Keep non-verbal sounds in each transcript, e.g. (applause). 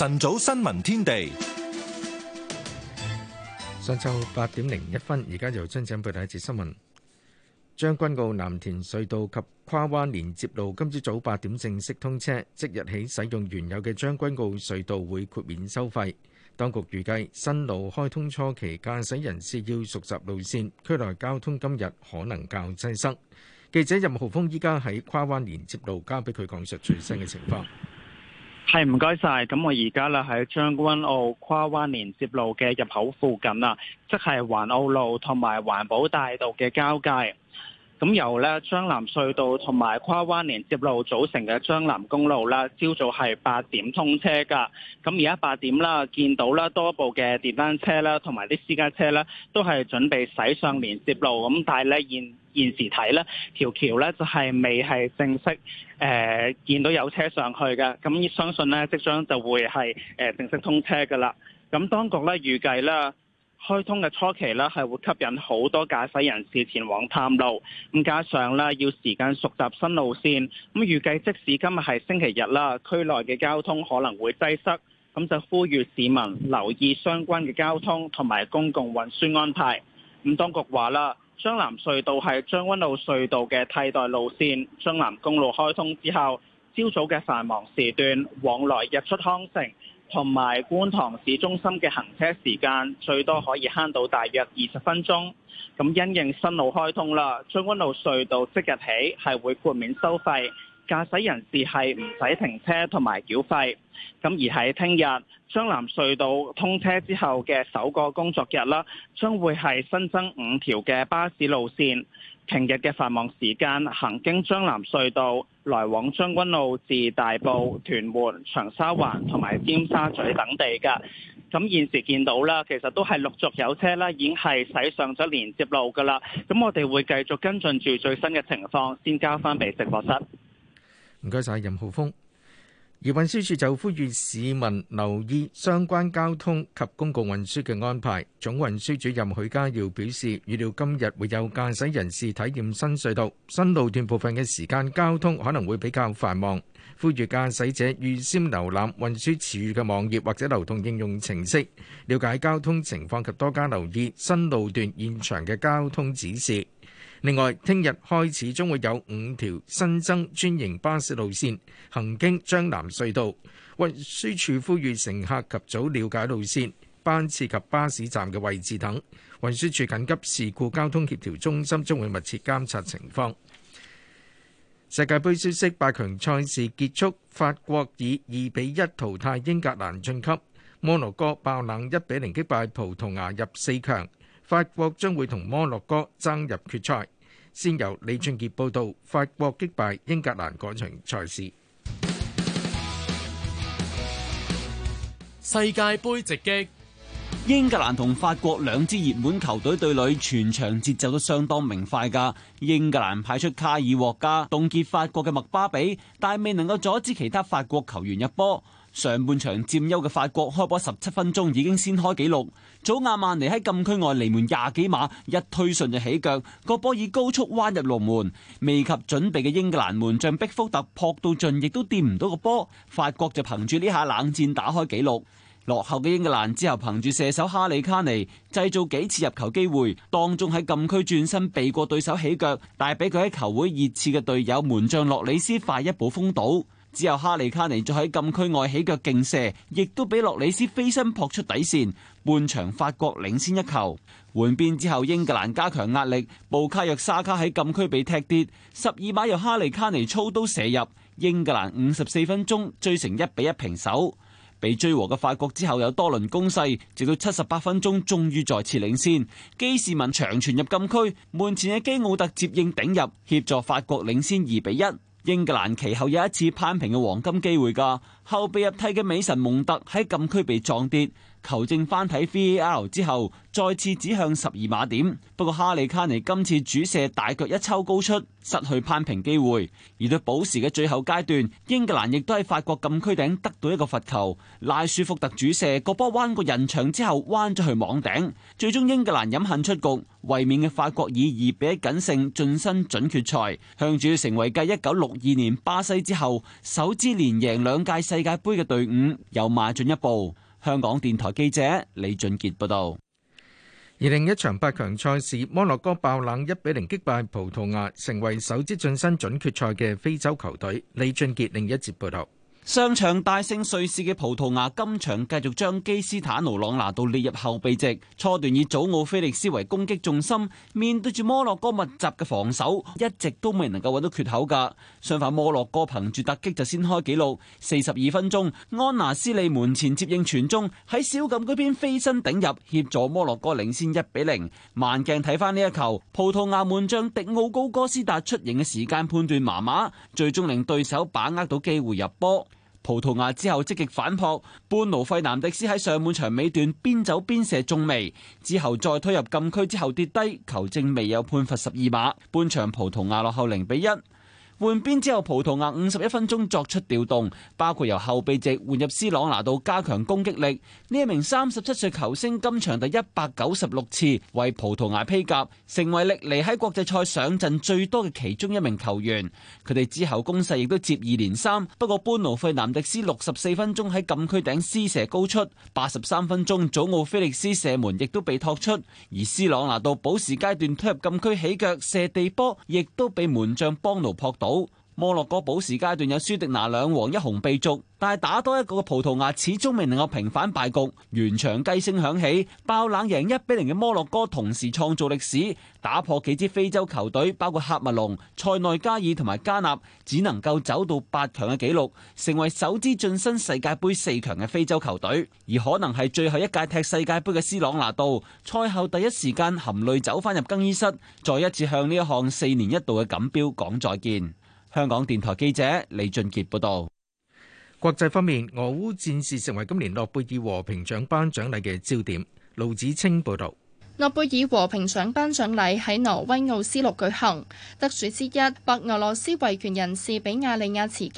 晨早新聞天地，上晝八點零一分，而家由張振培報第一節新聞。將軍澳藍田隧道及跨灣連接路今朝早八點正式通車，即日起使用原有嘅將軍澳隧道會豁免收費。當局預計新路開通初期，駕駛人士要熟習路線，區內交通今日可能較擠塞。記者任浩峰依家喺跨灣連接路，交俾佢講述最新嘅情況。係唔該晒，咁我而家咧喺將軍澳跨灣連接路嘅入口附近啦，即係環澳路同埋環保大道嘅交界。咁由咧將藍隧道同埋跨灣連接路組成嘅將藍公路啦，朝早係八點通車㗎。咁而家八點啦，見到啦多部嘅電單車啦，同埋啲私家車啦，都係準備駛上連接路。咁但係咧現現時睇咧，條橋咧就係、是、未係正式誒、呃、見到有車上去嘅，咁、嗯、相信咧即將就會係誒、呃、正式通車嘅啦。咁、嗯、當局咧預計啦，開通嘅初期咧係會吸引好多駕駛人士前往探路，咁、嗯、加上咧要時間熟習新路線，咁、嗯、預計即使今日係星期日啦，區內嘅交通可能會擠塞，咁、嗯、就呼籲市民留意相關嘅交通同埋公共運輸安排。咁、嗯、當局話啦。將藍隧道係將軍澳隧道嘅替代路線。將藍公路開通之後，朝早嘅繁忙時段往來日出康城同埋觀塘市中心嘅行車時間，最多可以慳到大約二十分鐘。咁因應新路開通啦，將軍澳隧道即日起係會豁免收費。駕駛人士係唔使停車同埋繳費，咁而喺聽日將南隧道通車之後嘅首個工作日啦，將會係新增五條嘅巴士路線，平日嘅繁忙時間行經將南隧道來往將軍澳至大埔、屯門、長沙灣同埋尖沙咀等地㗎，咁現時見到啦，其實都係陸續有車啦，已經係駛上咗連接路噶啦，咁我哋會繼續跟進住最新嘅情況，先交翻俾直播室。唔該曬，任浩峯。而運輸署就呼籲市民留意相關交通及公共運輸嘅安排。總運輸主任許家耀表示，預料今日會有駕駛人士體驗新隧道、新路段部分嘅時間，交通可能會比較繁忙。呼籲駕駛者預先瀏覽運輸署嘅網頁或者流動應用程式，瞭解交通情況及多加留意新路段現場嘅交通指示。另外，聽日開始將會有五條新增專營巴士路線行經將藍隧道。運輸署呼籲乘客及早了解路線、班次及巴士站嘅位置等。運輸署緊急事故交通協調中心將會密切監察情況。世界盃消息：八強賽事結束，法國以二比一淘汰英格蘭晉級；摩洛哥爆冷一比零擊敗葡萄牙入四強。法國將會同摩洛哥爭入決賽。先由李俊杰報道：法國擊敗英格蘭嗰場賽事，世界盃直擊。英格蘭同法國兩支熱門球隊對壘，全場節奏都相當明快㗎。英格蘭派出卡爾獲加凍結法國嘅麥巴比，但係未能夠阻止其他法國球員入波。上半場佔優嘅法國開波十七分鐘已經先開紀錄，祖亞曼尼喺禁區外離門廿幾碼，一推順就起腳，個波以高速彎入龍門，未及準備嘅英格蘭門將畢福特撲到盡，亦都掂唔到個波。法國就憑住呢下冷戰打開紀錄。落後嘅英格蘭之後，憑住射手哈利卡尼製造幾次入球機會，當中喺禁區轉身避過對手起腳，但係俾佢喺球會熱刺嘅隊友門將洛里斯快一步封堵。之後哈利卡尼再喺禁區外起腳勁射，亦都俾洛里斯飛身撲出底線。半場法國領先一球。換邊之後，英格蘭加強壓力，布卡約沙卡喺禁區被踢跌，十二碼由哈利卡尼操刀射入，英格蘭五十四分鐘追成一比一平手。被追和嘅法國之後有多輪攻勢，直到七十八分鐘終於再次領先。基士文長傳入禁區，門前嘅基奧特接應頂入，協助法國領先二比一。英格蘭其後有一次攀平嘅黃金機會噶。後備入替嘅美神蒙特喺禁區被撞跌，球證翻睇 VAR 之後，再次指向十二碼點。不過哈利卡尼今次主射大腳一抽高出，失去攀平機會。而到補時嘅最後階段，英格蘭亦都喺法國禁區頂得到一個罰球。賴舒福特主射個波彎過人牆之後，彎咗去網頂，最終英格蘭飲恨出局。衛冕嘅法國以二比一僅勝晉身準決賽，向住要成為繼一九六二年巴西之後首支連贏兩屆世界杯嘅隊伍又邁進一步。香港電台記者李俊杰報道。而另一場八強賽事，摩洛哥爆冷一比零擊敗葡萄牙，成為首支晉身準決賽嘅非洲球隊。李俊杰另一節報道。上場大勝瑞士嘅葡萄牙今場繼續將基斯坦奴朗拿度列入後備席，初段以祖奧菲力斯為攻擊重心，面對住摩洛哥密集嘅防守，一直都未能夠揾到缺口噶。相反，摩洛哥憑住突擊就先開紀錄，四十二分鐘，安娜斯利門前接應傳中，喺小禁區邊飛身頂入，協助摩洛哥領先一比零。慢鏡睇翻呢一球，葡萄牙門將迪奧高哥斯達出迎嘅時間判斷麻麻，最終令對手把握到機會入波。葡萄牙之後積極反撲，般奴費南迪斯喺上半場尾段邊走邊射中楣，之後再推入禁區之後跌低，球證未有判罰十二碼，半場葡萄牙落後零比一。1, 換邊之後，葡萄牙五十一分鐘作出調動，包括由後備席換入斯朗拿度加強攻擊力。呢一名三十七歲球星今場第一百九十六次為葡萄牙披甲，成為歷嚟喺國際賽上陣最多嘅其中一名球員。佢哋之後攻勢亦都接二連三，不過班奴費南迪斯六十四分鐘喺禁區頂施射高出，八十三分鐘祖奧菲力斯射門亦都被托出，而斯朗拿度補時階段推入禁區起腳射地波，亦都被門將邦奴撲擋。摩洛哥補時階段有舒迪拿兩黃一紅被逐，但係打多一個嘅葡萄牙始終未能夠平反敗局，完場雞聲響起，爆冷贏一比零嘅摩洛哥，同時創造歷史，打破幾支非洲球隊，包括喀麥隆、塞內加爾同埋加納，只能夠走到八強嘅紀錄，成為首支晉身世界盃四強嘅非洲球隊。而可能係最後一屆踢世界盃嘅斯朗拿度，賽後第一時間含淚走翻入更衣室，再一次向呢一項四年一度嘅錦標講再見。香港電台記者李俊杰報道。國際方面，俄烏戰事成為今年諾貝爾和平獎頒獎禮嘅焦點，盧子清報道。諾貝爾和平獎頒獎禮喺挪威奧斯陸舉行，得主之一白俄羅斯維權人士比亞利亞茨基，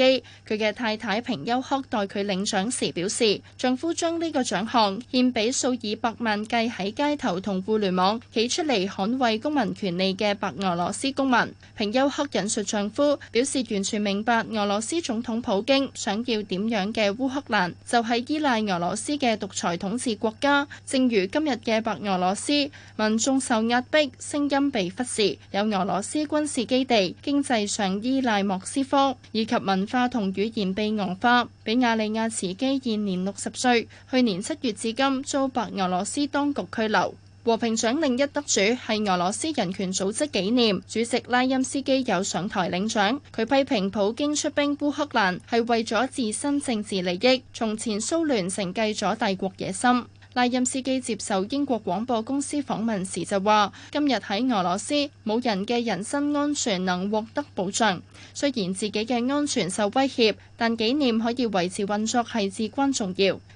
佢嘅太太平丘克代佢領獎時表示，丈夫將呢個獎項獻俾數以百萬計喺街頭同互聯網企出嚟捍衛公民權利嘅白俄羅斯公民。平丘克引述丈夫表示，完全明白俄羅斯總統普京想要點樣嘅烏克蘭，就係依賴俄羅斯嘅獨裁統治國家，正如今日嘅白俄羅斯。民眾受壓迫，聲音被忽視；有俄羅斯軍事基地，經濟上依賴莫斯科，以及文化同語言被俄化。比亞利亞茨基現年六十歲，去年七月至今遭白俄羅斯當局拘留。和平獎另一得主係俄羅斯人權組織紀念主席拉欽斯基，有上台領獎。佢批評普京出兵烏克蘭係為咗自身政治利益，從前蘇聯承繼咗帝國野心。賴任司機接受英國廣播公司訪問時就話：今日喺俄羅斯，冇人嘅人身安全能獲得保障。雖然自己嘅安全受威脅，但紀念可以維持運作係至關重要。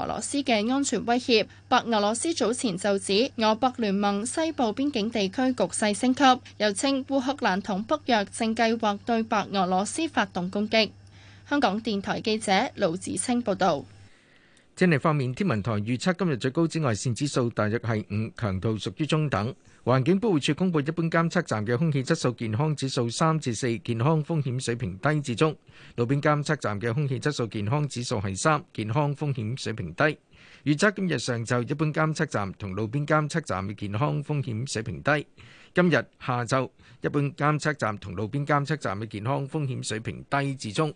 俄羅斯嘅安全威脅，白俄羅斯早前就指俄白聯盟西部邊境地區局勢升級，又稱烏克蘭同北約正計劃對白俄羅斯發動攻擊。香港電台記者盧子清報道。天氣方面，天文台預測今日最高紫外線指數大約係五，強度屬於中等。環境保護署公布一般監測站嘅空氣質素健康指數三至四，健康風險水平低至中；路邊監測站嘅空氣質素健康指數係三，健康風險水平低。預測今日上晝一般監測站同路邊監測站嘅健康風險水平低。今日下晝一般監測站同路邊監測站嘅健康風險水平低至中。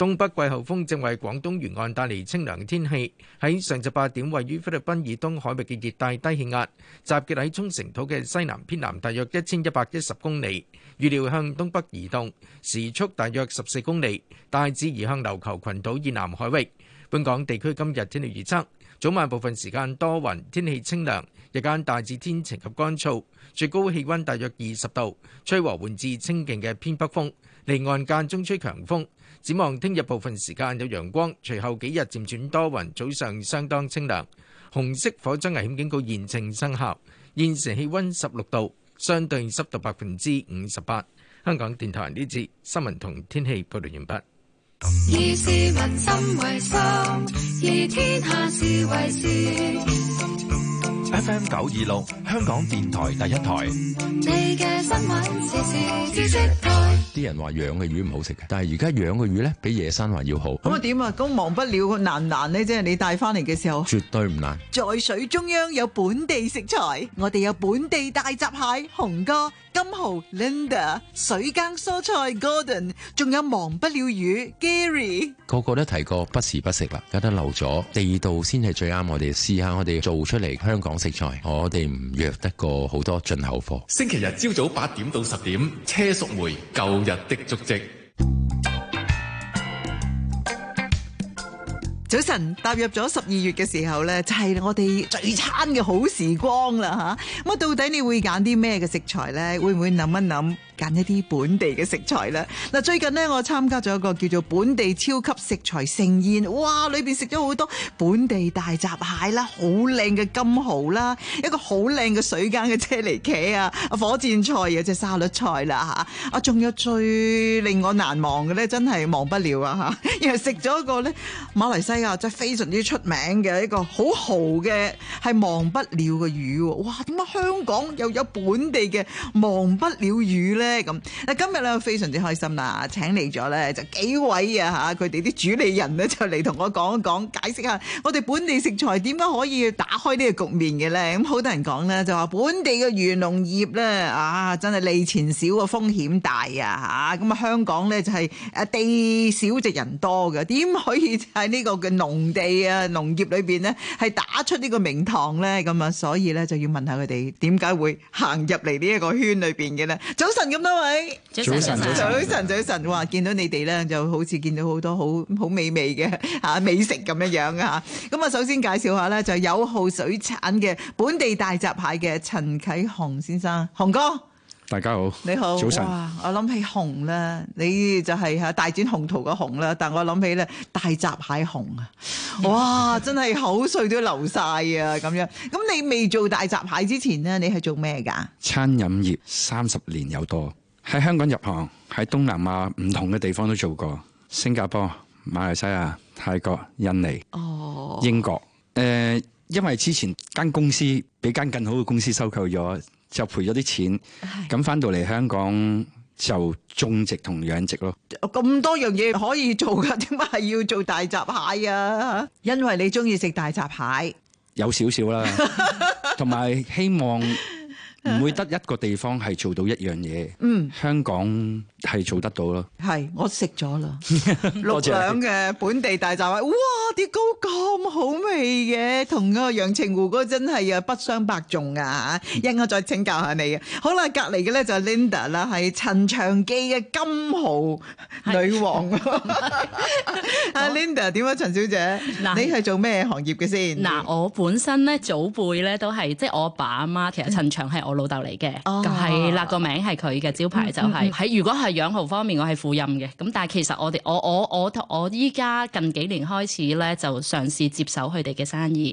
東北季候風正為廣東沿岸帶嚟清涼嘅天氣。喺上晝八點，位於菲律賓以東海域嘅熱帶低氣壓，集結喺沖繩島嘅西南偏南，大約一千一百一十公里，預料向東北移動，時速大約十四公里，大致移向琉球群島以南海域。本港地區今日天氣預測：早晚部分時間多雲，天氣清涼；日間大致天晴及乾燥，最高氣温大約二十度，吹和緩至清勁嘅偏北風，離岸間中吹強風。展望聽日部分時間有陽光，隨後幾日漸轉多雲，早上相當清涼。紅色火災危險警告現正生效。現時氣溫十六度，相對濕度百分之五十八。香港電台呢節新聞同天氣報道完畢。FM 九二六香港電台第一台。啲人話養嘅魚唔好食嘅，但係而家養嘅魚咧，比野生還要好。咁啊點啊？咁忘不了個難難呢。即係你帶翻嚟嘅時候，絕對唔難。在水中央有本地食材，我哋有本地大閘蟹，紅哥。金豪、Linda、水耕蔬菜、Gordon，仲有忘不了魚、Gary，個個都提過不時不食啦，有得漏咗地道先係最啱。我哋試下，我哋做出嚟香港食材，我哋唔約得過好多進口貨。星期日朝早八點到十點，車淑梅舊日的足跡。早晨，踏入咗十二月嘅時候咧，就係、是、我哋聚餐嘅好時光啦吓。咁到底你會揀啲咩嘅食材呢？會唔會諗一諗？揀一啲本地嘅食材啦。嗱，最近咧我參加咗一個叫做本地超級食材盛宴，哇！裏邊食咗好多本地大閘蟹啦，好靚嘅金蠔啦，一個好靚嘅水間嘅車厘茄啊，火箭菜啊，即係沙律菜啦吓。啊，仲有最令我難忘嘅咧，真係忘不了啊吓！又食咗一個咧，馬來西亞即係非常之出名嘅一個好豪嘅，係忘不了嘅魚。哇！點解香港又有本地嘅忘不了魚咧？咧咁嗱，今日咧非常之開心啦，請嚟咗咧就幾位啊吓，佢哋啲主理人咧就嚟同我講一講，解釋下我哋本地食材點解可以打開呢個局面嘅咧。咁好多人講咧就話本地嘅漁農業咧啊，真係利錢少啊，風險大啊吓。咁啊，香港咧就係啊地少就人多嘅，點可以喺呢個嘅農地啊農業裏邊咧係打出呢個名堂咧？咁啊，所以咧就要問下佢哋點解會行入嚟呢一個圈裏邊嘅咧？早晨咁。咁多位早晨，早晨，早晨，哇！見到你哋咧，就好似見到好多好好美味嘅吓美食咁樣樣嚇。咁啊，首先介紹下咧，就有好水產嘅本地大閘蟹嘅陳啟雄先生，雄哥。大家好，你好，早晨。我諗起紅啦，你就係吓大展宏圖嘅紅啦。但我諗起咧大閘蟹紅啊，哇， (laughs) 真係口水都流晒啊！咁樣，咁你未做大閘蟹，蟹之前呢，你係做咩噶？餐飲業三十年有多喺香港入行，喺東南亞唔同嘅地方都做過，新加坡、馬來西亞、泰國、印尼、哦、英國。誒、呃，因為之前間公司俾間更好嘅公司收購咗。就賠咗啲錢，咁翻的到嚟香港就種植同養殖咯。咁多樣嘢可以做㗎，點解係要做大閘蟹啊？因為你中意食大閘蟹？有少少啦，同埋 (laughs) 希望。唔會得一個地方係做到一樣嘢。嗯，香港係做得到咯。係，我食咗啦，落場嘅本地大閘蟹。哇，啲糕咁好味嘅，同嗰個陽澄湖嗰真係又不相伯仲啊。嚇。一啱再請教下你。好啦，隔離嘅咧就係 Linda 啦，係陳長記嘅金蠔女王。阿 Linda 點啊？陳小姐，嗱，你係做咩行業嘅先？嗱，我本身咧祖輩咧都係，即係我阿爸阿媽，其實陳長係我。我老豆嚟嘅，哦、oh.，係啦，個名係佢嘅招牌就係、是、喺。Mm hmm. 如果係養蠔方面，我係副任嘅。咁但係其實我哋我我我我依家，近幾年開始咧，就嘗試接手佢哋嘅生意。